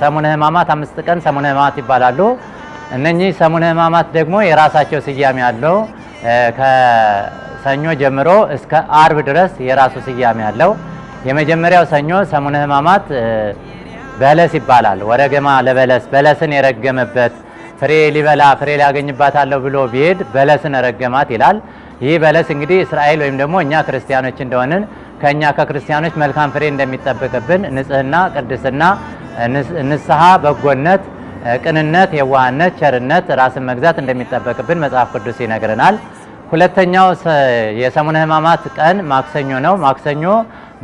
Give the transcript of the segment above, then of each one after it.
ሰሙነ ሕማማት አምስት ቀን ሰሙነ ሕማማት ይባላሉ። እነኚህ ሰሙነ ሕማማት ደግሞ የራሳቸው ስያሜ አለው። ከሰኞ ጀምሮ እስከ አርብ ድረስ የራሱ ስያሜ አለው። የመጀመሪያው ሰኞ ሰሙነ ሕማማት በለስ ይባላል። ወረገማ ለበለስ በለስን የረገመበት ፍሬ ሊበላ ፍሬ ሊያገኝባታለሁ ብሎ ቢሄድ በለስን ረገማት ይላል። ይህ በለስ እንግዲህ እስራኤል ወይም ደግሞ እኛ ክርስቲያኖች እንደሆንን ከእኛ ከክርስቲያኖች መልካም ፍሬ እንደሚጠበቅብን ንጽህና፣ ቅድስና፣ ንስሐ፣ በጎነት፣ ቅንነት፣ የዋህነት፣ ቸርነት፣ ራስን መግዛት እንደሚጠበቅብን መጽሐፍ ቅዱስ ይነግረናል። ሁለተኛው የሰሙነ ሕማማት ቀን ማክሰኞ ነው። ማክሰኞ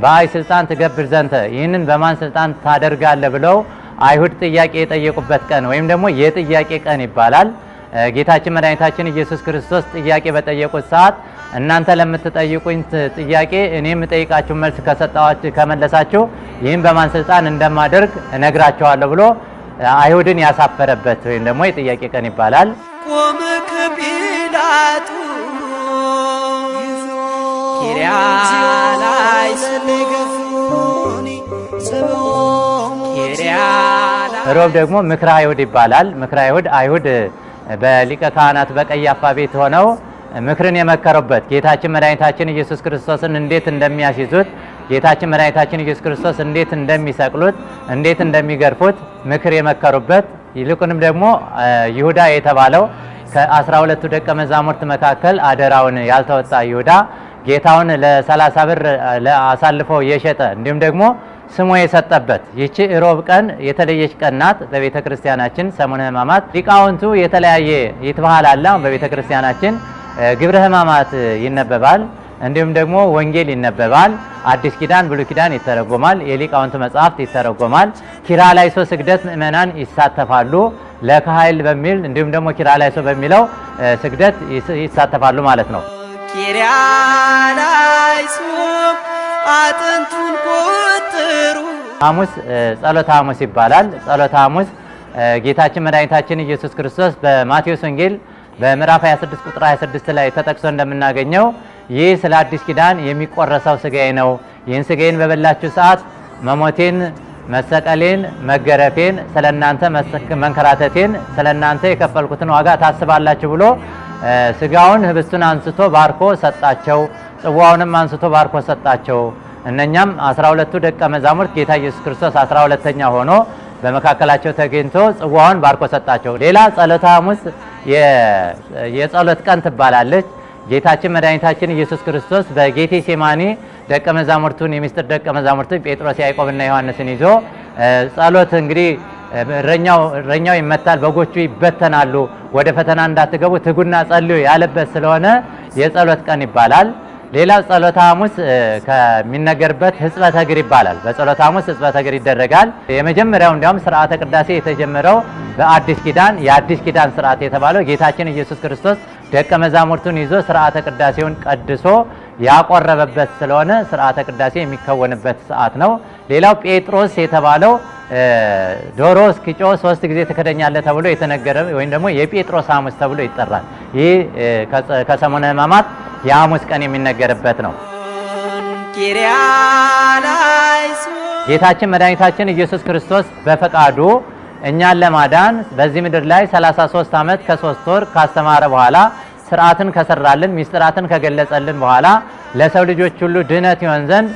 በአይ ስልጣን ትገብር ዘንተ፣ ይህንን በማን ስልጣን ታደርጋለህ ብለው አይሁድ ጥያቄ የጠየቁበት ቀን ወይም ደግሞ የጥያቄ ቀን ይባላል። ጌታችን መድኃኒታችን ኢየሱስ ክርስቶስ ጥያቄ በጠየቁት ሰዓት እናንተ ለምትጠይቁኝ ጥያቄ እኔ የምጠይቃችሁ መልስ ከሰጣችሁ ከመለሳችሁ ይህን በማን ስልጣን እንደማደርግ እነግራቸዋለሁ ብሎ አይሁድን ያሳፈረበት ወይም ደግሞ የጥያቄ ቀን ይባላል። ቆመ ሮብ ደግሞ ምክረ አይሁድ ይባላል። ምክረ አይሁድ አይሁድ በሊቀ ካህናት በቀያፋ ቤት ሆነው ምክርን የመከሩበት ጌታችን መድኃኒታችን ኢየሱስ ክርስቶስን እንዴት እንደሚያስይዙት ጌታችን መድኃኒታችን ኢየሱስ ክርስቶስ እንዴት እንደሚሰቅሉት፣ እንዴት እንደሚገርፉት ምክር የመከሩበት ይልቁንም ደግሞ ይሁዳ የተባለው ከአስራ ሁለቱ ደቀ መዛሙርት መካከል አደራውን ያልተወጣ ይሁዳ ጌታውን ለሰላሳ ብር አሳልፎ የሸጠ እንዲሁም ደግሞ ስሙ የሰጠበት ይቺ እሮብ ቀን የተለየች ቀን ናት። በቤተ ክርስቲያናችን ሰሙነ ሕማማት ሊቃውንቱ የተለያየ ይትበሃል አለ በቤተ ክርስቲያናችን ግብረ ሕማማት ይነበባል። እንዲሁም ደግሞ ወንጌል ይነበባል። አዲስ ኪዳን፣ ብሉይ ኪዳን ይተረጎማል። የሊቃውንት መጽሐፍት ይተረጎማል። ኪራ ላይሶ ስግደት ምእመናን ይሳተፋሉ። ለካህል በሚል እንዲሁም ደግሞ ኪርያላይሶ በሚለው ስግደት ይሳተፋሉ ማለት ነው። ኪርያላይሶ አጥንቱን ቁጥሩ ሐሙስ ጸሎተ ሐሙስ ይባላል። ጸሎተ ሐሙስ ጌታችን መድኃኒታችን ኢየሱስ ክርስቶስ በማቴዎስ ወንጌል በምዕራፍ 26 ቁጥር 26 ላይ ተጠቅሶ እንደምናገኘው ይህ ስለ አዲስ ኪዳን የሚቆረሰው ስጋዬ ነው፣ ይህን ስጋዬን በበላችሁ ሰዓት መሞቴን፣ መሰቀሌን፣ መገረፌን፣ ስለ እናንተ መንከራተቴን፣ ስለ እናንተ የከፈልኩትን ዋጋ ታስባላችሁ ብሎ ስጋውን ህብስቱን አንስቶ ባርኮ ሰጣቸው። ጽዋውንም አንስቶ ባርኮ ሰጣቸው። እነኛም 12ቱ ደቀ መዛሙርት ጌታ ኢየሱስ ክርስቶስ 12ተኛ ሆኖ በመካከላቸው ተገኝቶ ጽዋውን ባርኮ ሰጣቸው። ሌላ ጸሎተ ሐሙስ የጸሎት ቀን ትባላለች። ጌታችን መድኃኒታችን ኢየሱስ ክርስቶስ በጌቴ ሴማኒ ደቀ መዛሙርቱን የሚስጥር ደቀ መዛሙርቱን ጴጥሮስ፣ ያዕቆብና ዮሐንስን ይዞ ጸሎት እንግዲህ እረኛው ይመታል፣ በጎቹ ይበተናሉ፣ ወደ ፈተና እንዳትገቡ ትጉና ጸልዩ ያለበት ስለሆነ የጸሎት ቀን ይባላል። ሌላው ጸሎተ ሐሙስ ከሚነገርበት ሕጽበተ እግር ይባላል። በጸሎተ ሐሙስ ሕጽበተ እግር ይደረጋል። የመጀመሪያው እንዲያውም ስርዓተ ቅዳሴ የተጀመረው በአዲስ ኪዳን የአዲስ ኪዳን ስርዓት የተባለው ጌታችን ኢየሱስ ክርስቶስ ደቀ መዛሙርቱን ይዞ ስርዓተ ቅዳሴውን ቀድሶ ያቆረበበት ስለሆነ ስርዓተ ቅዳሴ የሚከወንበት ሰዓት ነው። ሌላው ጴጥሮስ የተባለው ዶሮ እስኪጮ ሶስት ጊዜ ትክደኛለህ ተብሎ የተነገረ ወይም ደግሞ የጴጥሮስ ሐሙስ ተብሎ ይጠራል። ይህ ከሰሙነ ሕማማት የሐሙስ ቀን የሚነገርበት ነው። ጌታችን መድኃኒታችን ኢየሱስ ክርስቶስ በፈቃዱ እኛን ለማዳን በዚህ ምድር ላይ 33 ዓመት ከሶስት ወር ካስተማረ በኋላ ስርዓትን ከሰራልን ሚስጥራትን ከገለጸልን በኋላ ለሰው ልጆች ሁሉ ድነት ይሆን ዘንድ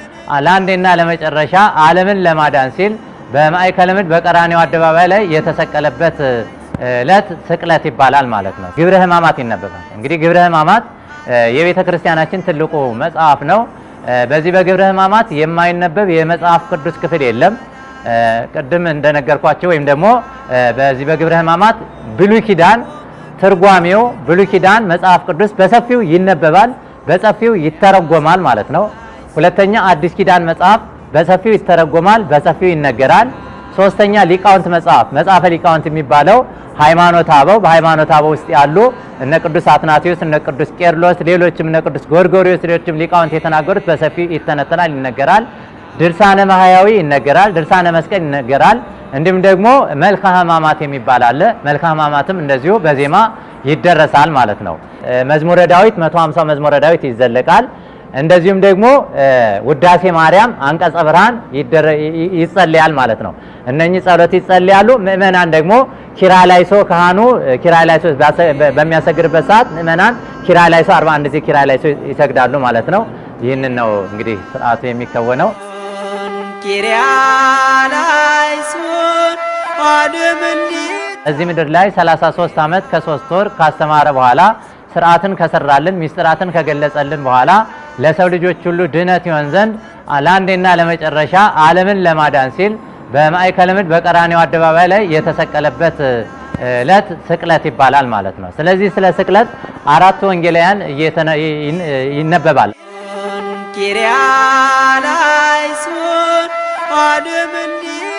ለአንዴና ለመጨረሻ ዓለምን ለማዳን ሲል በማዕከለ ምድር አደባባይ ላይ የተሰቀለበት ዕለት ስቅለት ይባላል ማለት ነው። ግብረ ሕማማት ይነበባል። እንግዲህ ግብረ ሕማማት የቤተ ክርስቲያናችን ትልቁ መጽሐፍ ነው። በዚህ በግብረ ሕማማት የማይነበብ የመጽሐፍ ቅዱስ ክፍል የለም። ቅድም እንደነገርኳቸው ወይም ደግሞ በዚህ በግብረ ሕማማት ብሉይ ኪዳን ትርጓሜው ብሉይ ኪዳን መጽሐፍ ቅዱስ በሰፊው ይነበባል፣ በሰፊው ይተረጎማል ማለት ነው። ሁለተኛ አዲስ ኪዳን መጽሐፍ በሰፊው ይተረጎማል፣ በሰፊው ይነገራል። ሶስተኛ ሊቃውንት መጽሐፍ መጽሐፈ ሊቃውንት የሚባለው ሃይማኖት አበው በሃይማኖት አበው ውስጥ ያሉ እነ ቅዱስ አትናቴዎስ፣ እነ ቅዱስ ቄርሎስ፣ ሌሎችም እነ ቅዱስ ጎርጎሪዎስ፣ ሌሎችም ሊቃውንት የተናገሩት በሰፊው ይተነተናል፣ ይነገራል። ድርሳነ ማህያዊ ይነገራል፣ ድርሳነ መስቀል ይነገራል። እንዲሁም ደግሞ መልካ ህማማት የሚባል አለ። መልካ ህማማትም እንደዚሁ በዜማ ይደረሳል ማለት ነው። መዝሙረ ዳዊት 150 መዝሙረ ዳዊት ይዘለቃል። እንደዚሁም ደግሞ ውዳሴ ማርያም፣ አንቀጸ ብርሃን ይጸልያል ማለት ነው። እነኚህ ጸሎት ይጸልያሉ። ምእመናን ደግሞ ላይሶ ካህኑ ላይሶ በሚያሰግድበት ሰዓት ምእመናን ላይሶ 41 ጊዜ ላይሶ ይሰግዳሉ ማለት ነው። ይህንን ነው እንግዲህ ስርዓቱ የሚከወነው። እዚህ ምድር ላይ 33 ዓመት ከሶስት ወር ካስተማረ በኋላ ስርዓትን ከሰራልን ሚስጥራትን ከገለጸልን በኋላ ለሰው ልጆች ሁሉ ድነት ይሆን ዘንድ ለአንዴና ለመጨረሻ ዓለምን ለማዳን ሲል በማዕከለ ምድር በቀራኔው አደባባይ ላይ የተሰቀለበት ዕለት ስቅለት ይባላል ማለት ነው። ስለዚህ ስለ ስቅለት አራቱ ወንጌላውያን ይነበባል። አደምልኝ